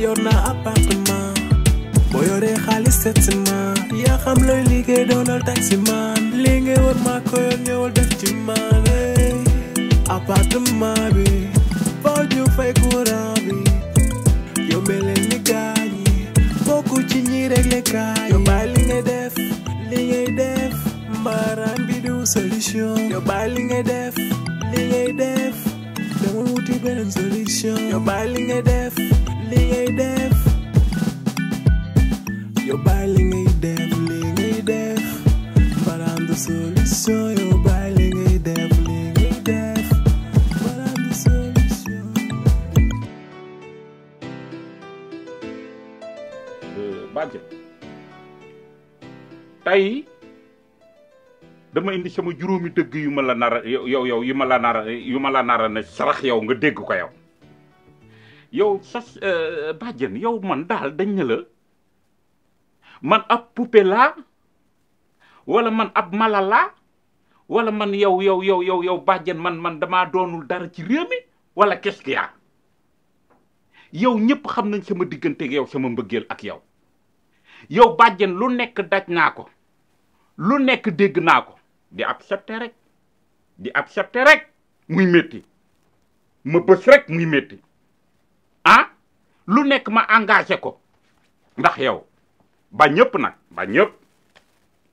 million na appartement boo yoree xaalis seet si ma yaa xam looy liggéey doonal taxi man li ngay ma maa ko yor ñëwal def ci man appartement bi foo ju fay courant bi yombee leen ni gaañ yi bokku ci réglé kai. Yo, yow bàyyi def li def mbaaraan bi du solution Yo, bàyyi li def li def dama wuti beneen solution Yo, bàyyi li def tay dama indi sama juroomi deug yu ma nara yow yow yu ma nara yu ma nara ne sarax yow nga ko yow yow sas euh, bàjjen yow man daal dañ ne la man ab poupée laa wala man ab mala laa wala man yow yow yow yow yow bàjjen man man dama doonul dara ci réew mi wala qu'est-ce qu'il yow ñëpp xam nañ sama diggante ak yow sama mbëggeel ak yow yow bàjjen lu nekk daj naa ko lu nekk dégg naa ko di accepté rek di accepté rek muy métti ma bës rek muy métti ah lu nekk ma engagé ko ndax yow ba ñëpp nag ba ñëpp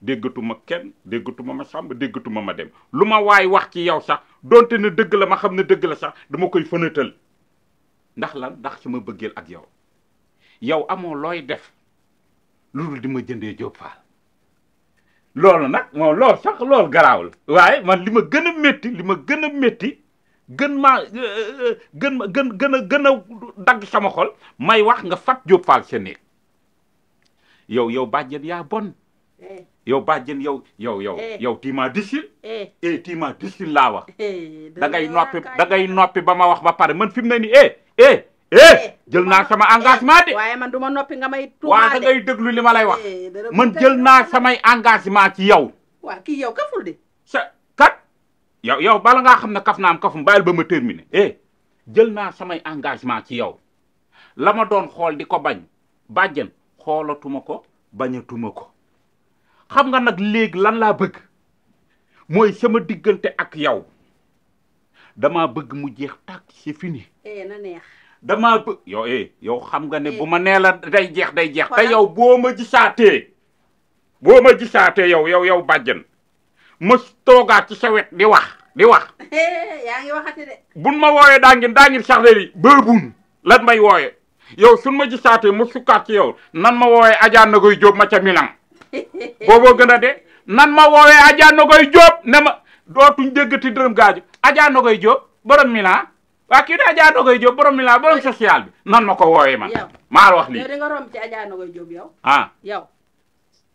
déggatuma kenn déggatuma ma sàmb déggatuma ma dem lu ma waay wax ci yow sax donte ne dëgg la ma xam ne dégg la sax dama koy fënatal ndax lan ndax sama bëggeel ak yow yow amoo looy def loolu di ma jëndee Diop loolu nag moom loolu sax loolu garaawul waaye man li ma gën a métti li ma gën a métti gën maa euh, euh, euh, gën ma gën gën a gën a dagg sama xol may wax nga fat Diop Fall sa yow yow bàjjen yaa bon eh. yow bàjjen yow yow yow eh. yow tiima disil eh, eh tiima disil laa wax da ngay noppi da noppi ba ma wax ba pare man fi mu ne nii eh jël naa sama engagement de waaye man du ma noppi nga may tuumaale li ma lay wax man jël naa samay engagement ci yow waaw kii yow kaful de yow yow bala nga xamne kaf na naam kafum bàyyil ba ma terminer eh djel na samay engagement ci yow lama don xol diko bañ bàjjen xoolatuma ko bañatuma ko xam nga nak leg lan la bëgg moy sama digënté ak yow dama bëgg mu jeex tak ci fini eh, na neex dama bëgg yow eh yow xam nga ne eh. buma neela day jeex day jeex tay yow boma ma gisaatee boo yow yow yow ma toogaat ci sawet di wax di wax. yaa ngi ma wooyee daa ngeen daa ngeen sax léegi bëebuñ lan may wooyee yow suñ ma gisaatee ma sukkaat ci yow nan ma wooyee Adja Nagoy Diop ma ca Milan booboo gën a de nan ma woowee Adja Nagoy Diop ne ma dootuñ déggati dërëm gaaj Adja Nagoy Diop borom Milan waa kii de Adja Nagoy Diop borom Milan borom social bi nan ma ko woowee man. maa wax lii yow da nga romb ci Adja Nagoy Diop yow. ah yow.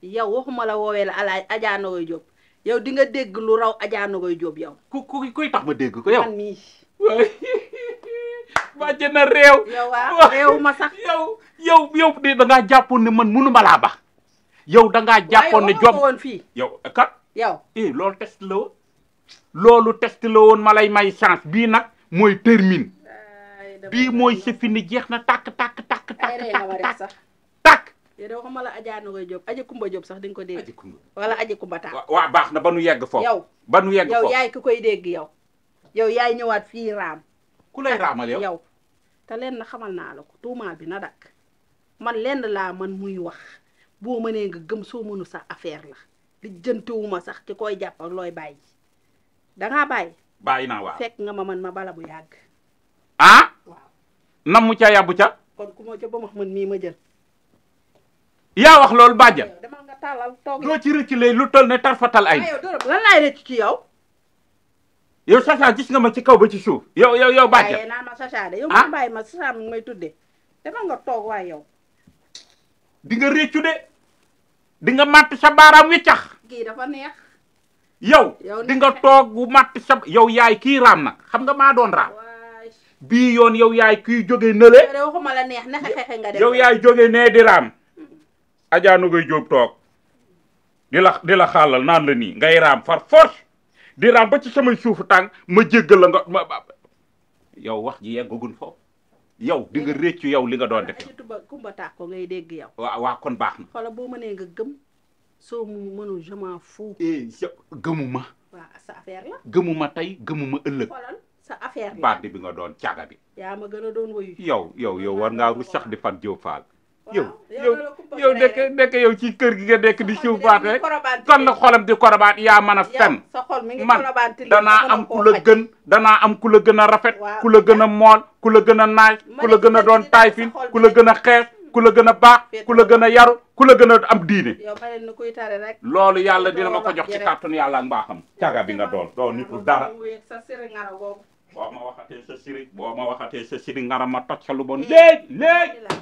yow waxuma la woowee la Adja Nagoy Diop. yow di nga dégg lu raw Adja Nogaye Diop yow. ku ku kuy tax ma dégg koy yow man mii. waay na réew. ma sax. yow yow yow de da jàppoon ne man munu ma laa ba. yow da ngaa jàppoon ne Diop fii. yow kat. yow eh loolu test la woon. loolu test la ma lay may chance bii nag mooy termine. bii mooy sa fini jeex na tàkk tàkk tàkk tàkk tàkk. yow de waxuma la Adja Nogoy Diop Adja Kumba Diop sax di ko dégg. Adja Kumba wala Adja Kumba Taal. baax na ba nu yegg foofu. yaw ba nu yegg foofu yow yaay ki koy dégg yow. yow yaay ñëwaat fii raam. ku lay raamal yow yow. te lenn xamal naa la ko tuumaal bi na dakk man lenn laa man muy wax boo mënee nga gëm soo mënu sax affaire la li jëntewuma sax ki koy jàpp looy bàyyi dangaa bàyyi. bàyyi naa waaw fekk nga ma mën ma bala bu yàgg. ah. waaw nam mu ca yàbbu ca. kon ku ma ba ma mën mii ma jël. yaa wax loolu bàjjal doo ci rëcc lay lu toll ne tarfatal ay lan laay rëcc ci yow yow Sacha gis nga ma ci kaw ba ci suuf yow yow yow bàjjal naa ma Sacha de ah? ma bàyyi mu may tudde dama nga toog waay yow di nga di nga màtt sa baaraam wi cax kii dafa neex yow di nga toog bu màtt sa yow yaay kii raam nag xam nga maa doon raam bii yoon yow yaay kii jóge nële waxuma neex na yow yaay jóge nee di raam Adja Nogay Diop tok di la di la xàllal naan la ni ngay ram far force di ram ba ci sama souf tang ma jéggal la nga yow wax ji yeggagun fo yow di nga reccu yow li nga don def kumba tàkko ngay deg yow wa wa kon baax na xoola boo mënee nga gem so mu mënul je m'en fous eh, gemuma wa sa affaire la gemuma tay gemuma euleuk sa affaire la baat bi nga don tiaga bi ya ma gëna don doon yow yow yow war nga ru sax di fat jiw yow yow yow nekk nekk yow ci kër gi nga nekk di siwbaate kon na xolam di korobaat yaa mën a fen man danaa am ku la gën am ku la gën a rafet ku la gën a mool ku la gën a naaj ku la gën a doon taay fin ku la gën a xees ku la gën a baax ku la gën a yaru ku la gën a am diine loolu yàlla dina ma ko jox ci kàttanu yàlla ak mbaaxam caga bi nga doon doo nitu dara boo ma waxatee sa siri boo ma waxatee sa siri ngara ma toj sa lu bon léegi léegi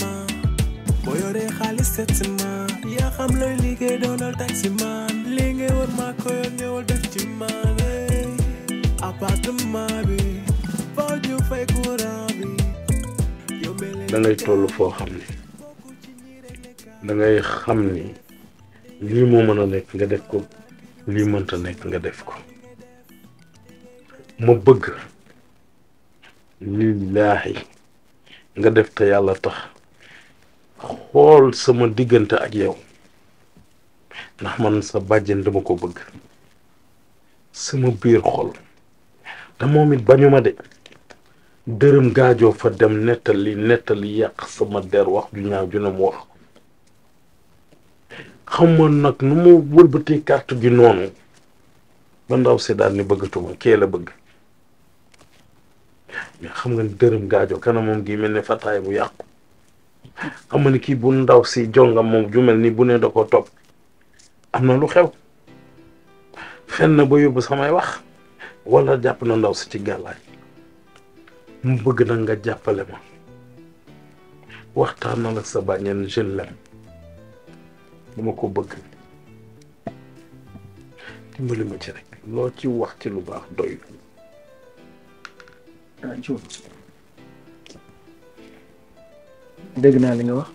boo yoree toll foo xam ni dangay xam ni lii moo mën a nekk nga def ko lii mënta nekk nga def ko ma bëgg lillaahi nga def te yàlla tax xool sama diggante ak yow ndax man sa bàjjen dama ko bëgg sama biir xol te moom it bañu ma de dërëm gaajoo fa dem nettali nettali yàq sama der wax ju ñaaw ju ne mu wax xam ma nag nu mu wëlbatee carte gi noonu ba ndaw si daal ni bëggatuma kee la bëgg mais xam nga dërëm gaajoo kanamam gi mel ni fataay bu yàqu xam na kii bu ndaw si jongam moom ju mel ni bu nee da koo topp am na lu xew fen na ba yóbbu samay wax walla jàpp na ndaw si ci gàllaay mu bëgg na nga jàppale ma waxtaan na la sa bàññeen je l'aime dama ko bëgg dimbali ma ci rek loo ci wax ci lu baax doy dégg naa li nga wax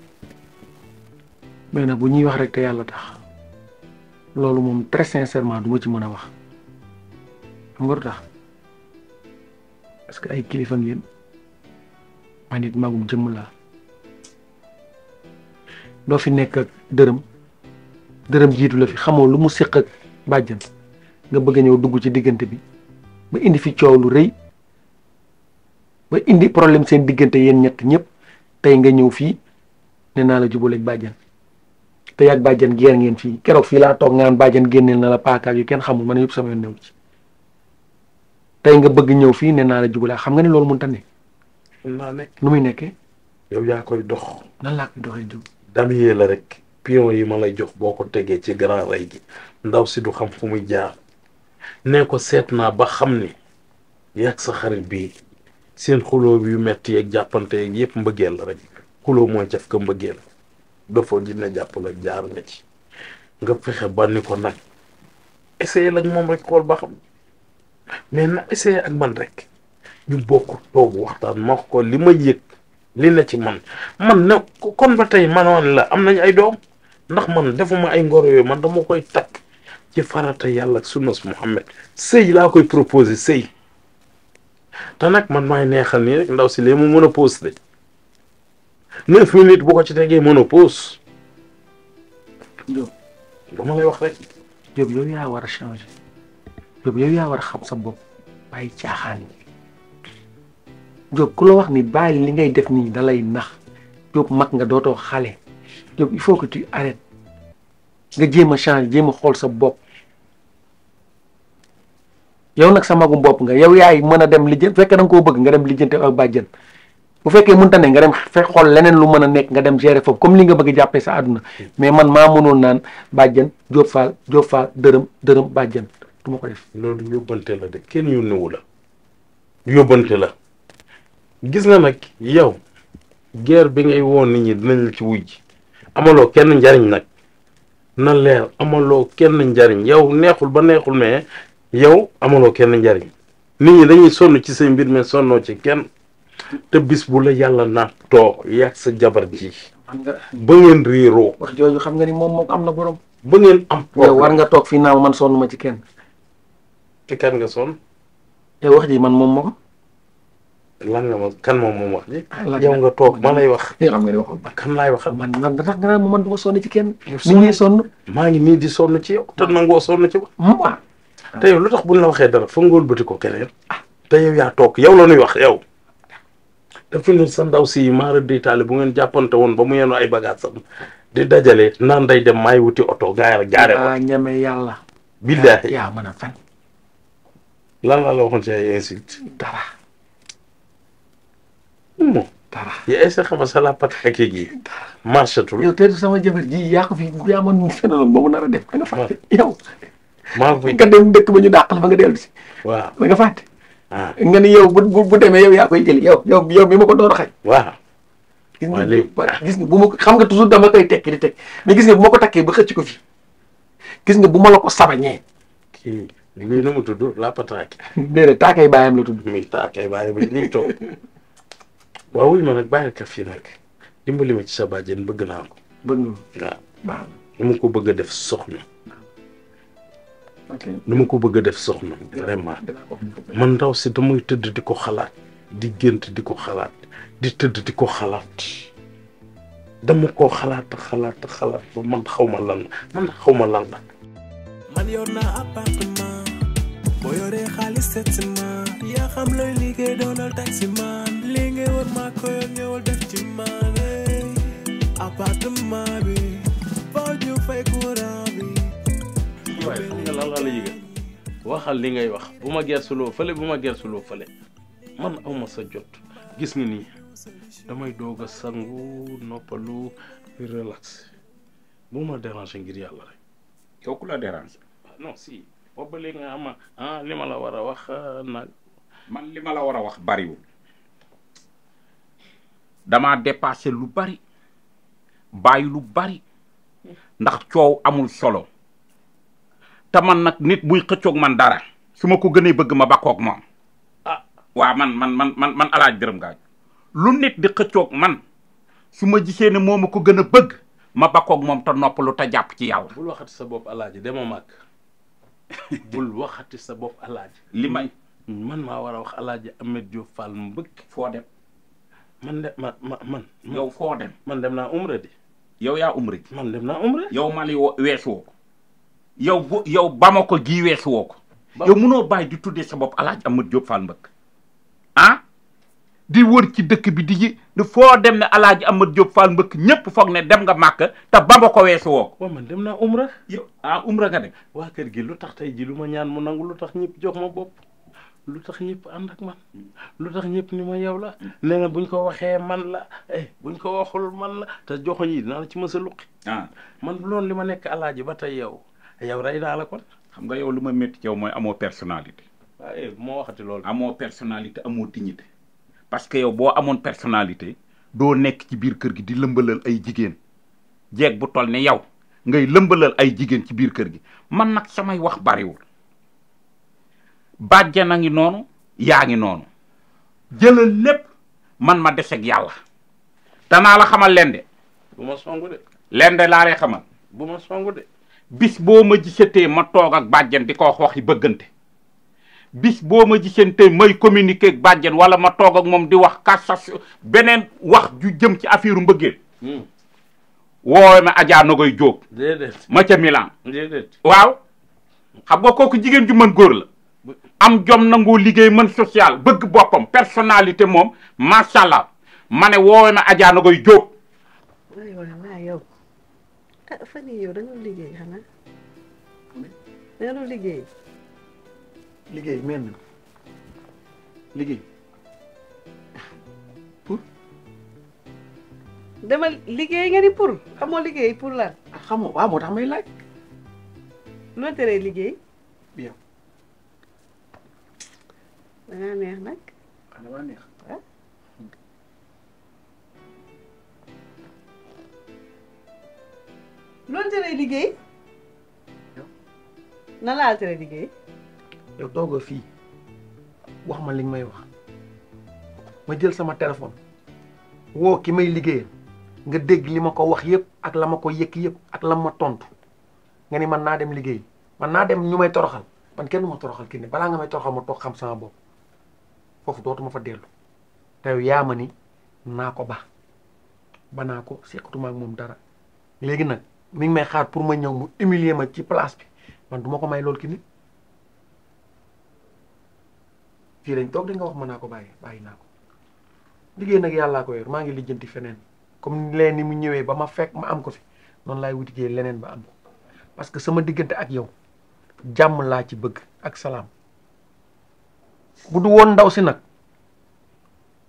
mais nag bu ñuy wax rek te yàlla tax loolu moom très sincèrement du ma ci mën a wax xam nga tax parce que ay kilifa ngeen ma nit magum jëmm laa doo fi nekk ak dërëm dërëm jiitu la fi xamoo lu mu séq ak bàjjan nga bëgg a dugg ci diggante bi ba indi fi coow lu rëy ba indi problème seen diggante yéen ñett ñëpp tey nga ñëw fii ne naa la jubaleeg bàjjan te yàgg bàjjan geer ngeen fii keroog fii laa toog ngaan bàjjan génneel na la paakaak yu kenn xamul man yëpp sama yoon newu ci tey nga bëgg ñëw fii ne naa la jubaleeg xam nga ne loolu mënut a nekk. naa nekk nu muy nekkee. yow yaa koy dox. nan laa koy doxee jub. damyee la rek pion yi ma lay jox boo ko tegee ci grand ray gi ndaw si du xam fu muy jaar ne ko seet naa ba xam ni yàgg sa xarit bii seen xuloo yu metti yeeg jàppante yeeg yëpp mbëggeel la rek xuloo mooy jaf ka mbëggeel dafa dina jàpp ak jaar nga ci nga fexe ba ni ko nag essayer lañ moom rek xool ba xam mais na essayer ak man rek ñu bokk toogu waxtaan ma ko li ma yëg li na ci man man ne kon ba tey manoon la am nañ ay doom ndax man defuma ay ngoro man dama koy takk ci farata yàlla ak sunnas Muhammad sëy laa koy proposé sëy te nag man maay neexal nii rek ndaw si lee mu mën a pause de neuf minutes bu ko ci tegee mën a pause. Diop ba ma lay wax rek. Diop yaa war a change Diop yow yaa war xam sa bopp bàyyi caaxaan yi Diop ku la wax ni bàyyi li ngay def nii da lay nax Diop mag nga dootoo xale Diop il faut que tu arrêtes nga jéem a changer jéem a xool sa bopp. yow nag sa magum bopp nga yow yaay mën a dem lijjën fekkee da koo bëgg nga dem lijjënte ak bàjjen bu fekkee mënta ne nga dem fekk xool leneen lu mën a nekk nga dem gérer foofu comme li nga bëgg jàppee sa àdduna mais man maa mënul naan bàjjen Diop Fall Diop Fall dërëm dërëm bàjjen du ma ko loolu yóbbante la de kenn yónnewu la yóbbante la gis nga nag yow guerre bi ngay woon ni ñi dinañ la ci wuy ji amaloo kenn njariñ nag na leer amaloo kenn njariñ yow neexul ba neexul mais yow amaloo kenn njariñ nit ñi dañuy sonn ci say mbir mais sonnoo ci kenn te bis bu la yàlla nattoo yàgg sa jabar ji. ba ngeen réeroo. wax jooju xam nga ni moom moom am na borom. ba ngeen am. war nga toog fii naa man sonn ma ci kenn. ci kan nga sonn. wax ji man moom moom. lan nga ma kan moom moom wax ji. Ah, yow nga toog ma lay wax. yow xam nga ni waxoon kan laay wax. man man tax nga naan man du sonn ci kenn. yow sonn nit ñi sonn. maa ngi nii di sonn ci yow. te nangoo sonn ci ma. te yow lu tax bu buñ la waxee dara foog nga wëlbati ko keneen. Ah, te yow yaa toog yow la ñuy wax yow. dafa ne sa ndaw si maara day taali bu ngeen jàppante woon ba mu yenu ay bagages sam di dajale nan day dem maay wuti oto gaare gaare wa ñeme yàlla. billaahi yaa mën fen lan la la waxoon ci ay insulte. dara. moom. dara yaa ngi seq ma salaa pataki ko fi yaa mën mu fenaloon ba mu nar a def. nga fàtte yow. nga dem dëkk ba ñu dàqal fa nga dellu si. waaw da nga fàtte. Ah. nga ni yow bu bu demee yow yaa koy jëli yow yow yow mi ma ko door a xañ. waaw. gis nga gis nga bu ma ko xam nga toujours dama koy tekki di tekki mais gis nga bu ma ko takkee ba xëcc ko fi gis nga bu ma la ko sabañee. kii li na mu tudd la pataaki. déedéet taakay bàyyam la tudd. muy taakay bàyyam li ñuy toog waaw wuy ma nag bàyyi kaf yi nag dimbali ma ci sa bàjjen bëgg naa ko. bëgg nga waaw. waaw ni mu ko bëgg a def soxna. ni ma ko bëgg def soxna vraiment man ndaw si damay tëdd di ko xalaat di gént di ko xalaat di tëdd di ko xalaat dama ko xalaat xalaat xalaat ba man xawma lan man xawma ma lan la. man yor na appartement yoré xaliss xaalis settement ya xam looy liggéey doonal taxi man li ngay wër ma ko yor def ci man appartement bi boo ju fay ko waaye xam nga lan laa la yëgal waxal li ngay wax bu ma gersuloo fële bu ma gersuloo fële man awma sa jot gis nga nii damay doog a sangu noppalu relax bu ma déranger ngir yàlla rek. yow ku la déranger. Ah, non si boobu nga xam ah li ma la war a wax ah, nag. man li ma la war a wax bariwul damaa dépassé lu bari bàyyi lu bari ndax coow amul solo. te man nag nit buy xëccoog man dara su ma ko gënee bëgg ma bakkook moom a ah. waa man man man man man alaaj dërëm gaaj lu nit di xëccoog man su ma jisee ne moo ma ko gën a bëgg ma bakkook moom te noppalu ta jàpp ci yàlla bul waxati sa bopp alaaji dama màgg bul waxati sa bopp alaaji li may man ma war a wax alaaji Amet Diop Fall mu bëgg foo dem man ma ma man yow foo dem man dem naa umra di yow yaa umra ji man dem naa umra yow mali weesu woo yow bu yow Bamako gii weesu woo ko. yow munoo bàyyi di tuddee sa bopp El Hadj Amadou Diop Fall Mbëkk ah di wër ci dëkk bi di ji foo dem ne El Hadj Amadou Diop Fall Mbëkk ñépp foog ne dem nga màkk te Bamako weesu woo man dem naa Umra. yow ah Umra nga dem. waa kër gi lu tax tey ji lu ma ñaan mu nangu lu tax ñëpp jox ma bopp. lu tax ñëpp ànd ak man lu tax ñëpp ni ma yow la nee na buñ ko waxee man la eh, buñ ko waxul man la te joxuñ yi dinaa ci mës a luqi. Ah. man loolu li ma nekk alaaji ba tey yow. yow ray da la kon. xam nga yow luma metti yow moy lol. personnalité. waaye mo waxati Pas amo personnalité amo dignité parce que yow bo amone personnalité do nek ci bir kër gi di lëmbalal ay jigen jeeg bu toll ne yow ngay lëmbalal ay jigen ci bir kër gi man nak samay wax bariwul bàjjan a ngi nonu yaangi nonu noonu lepp man ma deseeg yàlla danaa la xamal leen de. songu de. lende de laa xamal. bu songu de. bis boo ma ji setee ma toog ak bàjjen di ko wax waxi bëggante bis boo ma gisante may communiquer ak bàjjen wala ma toog ak moom di wax kasas beneen wax ju jëm ci affaire mbëggeel hmm. woowe ma Adja Nogoy Diop ma ca Milan waaw xam nga kooku jigéen ju mën góor la am jom nangu liggéey man social bëgg boppam personnalité moom macha allah ma ne woowe ma Adja Nogoy Diop ah fan yii yow da nga doon liggéey xanaa. da nga doon liggéey. liggéey mel liggéey pour. dama liggéey nga ni pour xamoo liggéey pour lan. ah xamoo waaw moo tax may laaj. loo teree liggéey. loolu jere liggéey. nan laa tere liggéey. yow tooga fii wax ma li may wax ma jël sama téléphone woo ki may liggéeyal nga dégg li ko wax yëpp ak la ma ko yëkk yëpp ak la tontu nga ni man naa dem liggéey man naa dem ñu may toroxal man kenn ma toroxal kii ne nga may toroxal ma toog xam sama bopp foofu dootuma fa dellu te yow yaa ma ni naa ko ba ba naa ak moom dara léegi nag mi ngi may xaar pour ma ñëw mu humilier ma ci place bi man duma ko may loolu ki nit fii lañ toog di nga wax mën naa ko bàyyi bàyyi naa ko liggéey nag yàllaa ko yor maa ngi lijjanti feneen comme leen ni mu ñëwee ba ma fekk ma am ko fi noonu laay wutigee leneen ba am ko parce que sama diggante ak yow jàmm laa ci bëgg ak salaam bu du woon ndaw si nag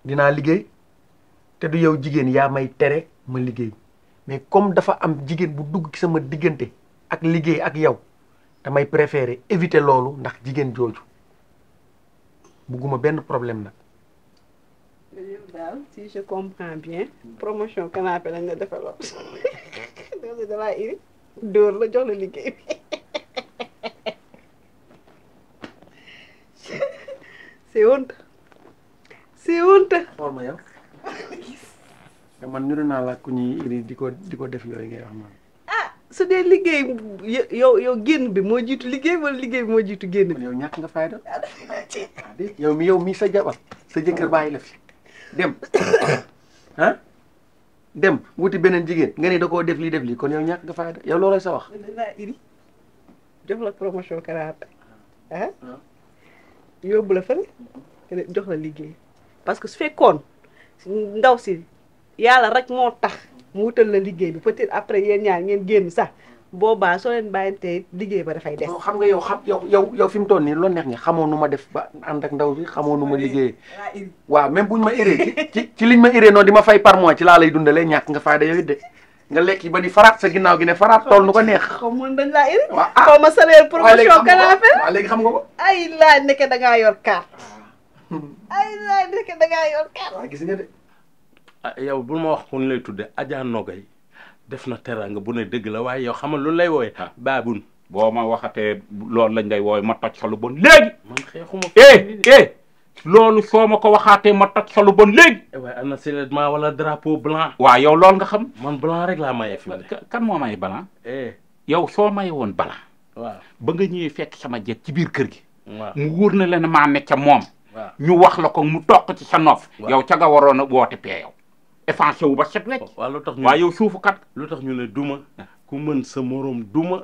dinaa liggéey te du yow jigéen yaa may tere ma liggéey mais comme dafa am jigen bu dugg ci sama diggante ak liggéey ak yow damay préférer éviter lolu ndax jigen joju buguma ben problème nak si je comprends bien promotion canapé lañ la défalo loolu da laa iri dor la jox la liggéey c'est honte c'est honte xool yow man ñu na la ku ñuy iri diko diko def yoy ngay wax man ah su dé liggéey yow yow genn bi mo jitu liggéey wala liggéey mo jitu genn yow ñak nga fayda yow mi yow mi sa jabar sa jëkër bàyyi la fi dem ah dem wuti benen jigen nga ne da ko def li def li kon yow ñak nga fayda yow lolay sa wax. la iri def la promotion karate hein ah bu la fan jox la liggéey parce que su fekkoon ndaw si. yàlla rek moo tax mu wutal la liggéey bi peut-être après yéen ñaar ngeen génn sax boobaa soo leen bàyyante liggéey ba dafay des. xam nga yow xam yow yow yow fi mu toll nii loolu neex nga xamoo nu ma def ba ànd ak ndaw bi xamoo nu ma waa waaw bu buñ ma iree ci ci liñ ma iree noonu di ma fay par mois ci laa lay dundalee ñàkk nga fayda yow it de nga lekk ba di faraat sa ginnaaw gi ne faraat tool nu ko neex. xaw ma dañ laa iree. waaw ah xaw ma xam nga ko ay laa nekk da ngaa yor carte. ay laa nekk da ngaa gis nga Ah, yow bul ma wax ku ñu lay tudde Adja Nogay def na teranga bu ne dëgg la waaye yow xamal lu lay wooye baabun boo ma waxatee loolu lañ lay wooye ma toj sa lu bon léegi man xeexuma eh, eh, loolu soo ma ko waxaatee ma toj sa bon léegi eh, waaye am na seulement wala drapeau blanc waaw yow loolu nga xam man blanc rek laa maye fi kan moo maye blanc yow soo maye woon blanc waaw ba nga fekk sama jeeg ci biir kër gi mu wóor na na maa ne ca moom ñu wax la ko mu toq ci sa nof yow ca nga waroon a woote pee yow effacé wu ba set nek wa lu tax ñu yow lu tax ñu le duma ku mën sa morom duma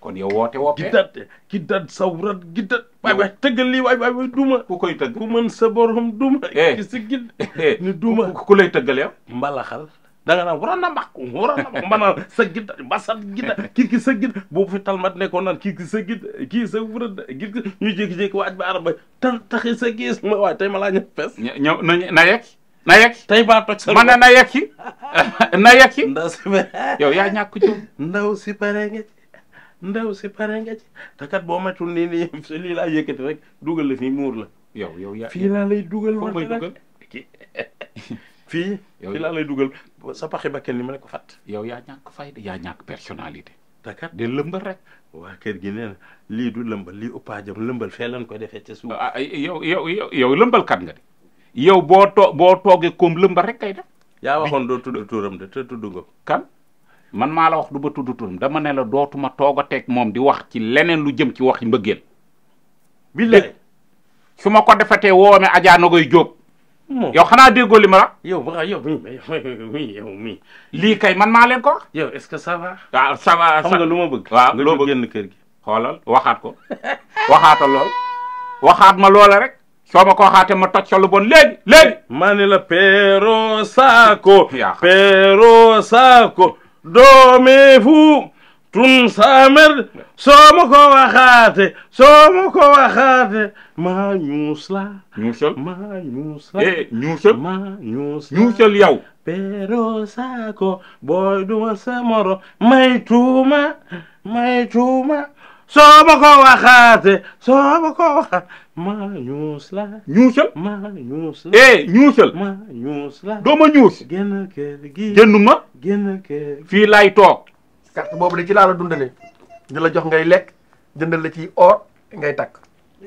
kon yow wote woppee gidat gidat wrat gidat waay bay tëggal lii waay bay duma ku koy tëgg ku mën sa borom duma eh. ki si gid eh. ni duma ku lay tëggal yow mbalaxal da nga na wara na mbaq wara na mbaq mbanaan sa gidda mbasat gidda kii ki sa gidda boobu fi talmat ne ko nan ki sa ki sa gid ñu jek jek waaj ba arab tan taxé sa giis ma waay tay ma la ñëw fess na yek na yegg tey baa toj sa ma ne na si yow yaa ñàkk jom ndaw si pare nga si pare nga ci te kat boo matul nii nii sa rek dugal la fii la lay dugal lay dugal sa li fat Yo ya ñàkk fayda yaa ñàkk takat de lëmbal rek waa kër gi nee na du lembal li uppaajam lëmbal fee lan ko defee ca suuf yow kat nga yow boo to boo toogee comme lëmba rek kay def. yaa waxoon doo tudd turam de te tudd nga. kan man maa la wax du ba tudd turam dama ne la dootuma toog a teg moom di wax ci leneen lu jëm ci waxi mbëggeel. billaay eh, su ma ko defatee woome Adja Nogoy Diop. Hmm. yow xanaa déggoo li ma la. yow ba yow mi yow mii. lii kay man maa leen ko wax. yow est-ce que ça va. waaw ah, ça va xam nga lu ma bëgg. waaw loo bëgg nga génn kër gi. xoolal waxaat ko waxaatal lool waxaat ma loola rek. soo ma ko waxaatee ma toj sa lu bon léegi ma ne la Pero Sacco. yaa Pero Sacco. doome fu. tun saamer soo ma ko waxaate soo ma ko waxaate maa ñuus la ñuusal maa ñuus la eh ñuusal maa ñuus ñuusal yow Pero Sacco booy duma sa moro may tuuma may tuuma sobo ko waxaate sobo ko waxaate ma ñuus la. ñuusal ma ñuus la. eh ñuusal. ma ñuus la. doo ma ñuus. génn kër gi génn ma. kër fi laay toog. carte boobu ci la la jox ngay jëndal la ci or ngay tak.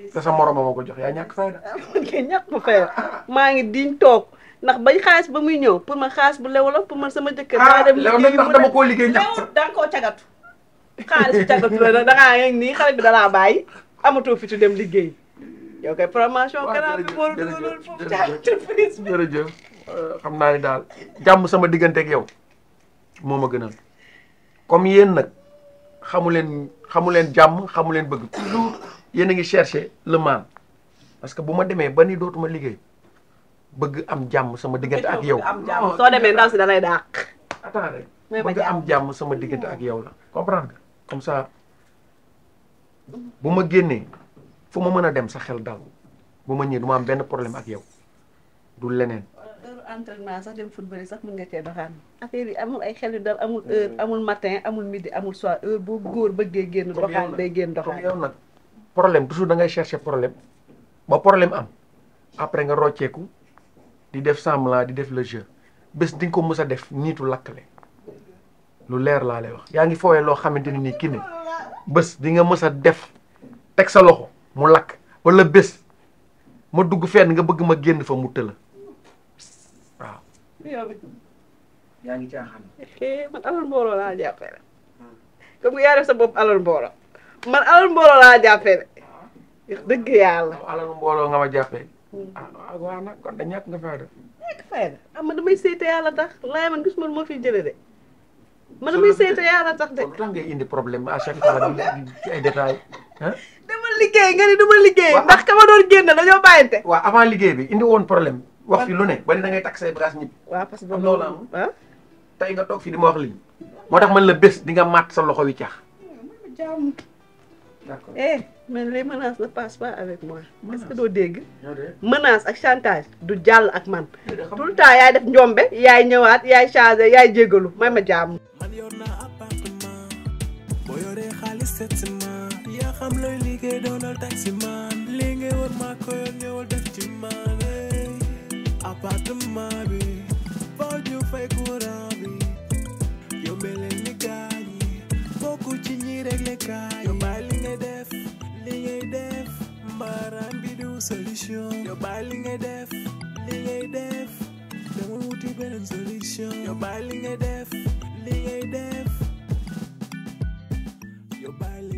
sa sa morom mako jox ya ñak fayda. Ah, ñak ma fay ma ngi diñ tok ndax bañ xaas ba muy ñew pour ma xaas bu lew pour ma sama jëkkër. ah lew na ndax dama ko liggéey ñak dang ko nga xaalis bu càggatu la da ngaa yëg nii xale bi da laa bàyyi amatoo fi tu dem liggéey yow kay promotion canal bi war a dugaloon foofu ci entreprise bi jërëjëf xam ni daal jàmm sama diggante ak yow moo gënal comme yéen nag xamu leen xamu leen bëgg toujours yéen a chercher le parce que ba ni dootuma bëgg am jàmm sama diggante ak yow. am jàmm soo da lay bëgg am jàmm sama diggante ak yow la comprendre comme ça buma ma génnee fu ma mën dem sa xel dal buma ñëw ñëwee du ma am ben problème ak yow du leneen. entraînement sax dem football sax mën nga cee doxaan affaire yi amul ay xel yu dal amul heure hmm. amul matin amul midi amul soir heure bo goor bëggé génn doxaan day génn doxaan yow nak problème toujours da ngay chercher problème ba problème am après nga rocceeku di def semblant di def le jeu bes ding ko mësa def nitu lakalé lu leer la lay wax yaa ngi foowee loo xamante ne nii di nga mësa def tek sa loxo mu lak wala bëss ma dugg fenn nga bëgg ma genn fa mu teul waaw. yaa ngi caaxaan. Eh, man alal mboro la jappé rek comme yaa def sa bop alal mbooloo man alal mbooloo laa jàppee rek dëgg alal mbooloo nga ma jappé ah wa nak kon da ñak nga fayda. ñàkk fayda ah man damay sété yalla tax lay man gis man fi jëlé de mana misi itu ya tax de. kon lan ini problem ada à chaque ada ci ay détails. dama liggéey lagi. ni dama liggéey. ndax ka ma doon génn dañoo bàyyante. waaw avant bi Ini one problem. Wah, filo ne ba tengah tak saya beras say Wah, pas waaw parce que am loolu eh mana les menaces ne avec moi. menace est-ce que doo dégg. menace ak chantage du ya ak man. tout temps yaay def yaay set si man yaa xam looy liggéey doonal taxi man li ngay war maa ko yor ñëwal def ci man appartement bi faw ñu fay courant bi yombee ni gaañ yi bokku ci ñi réglé kaay yi yow bàyyi li ngay def li ngay def mbaaraan bi du solution Yo bàyyi li ngay def li ngay def dama wuti beneen solution Yo bàyyi li ngay def li ngay def Yo baile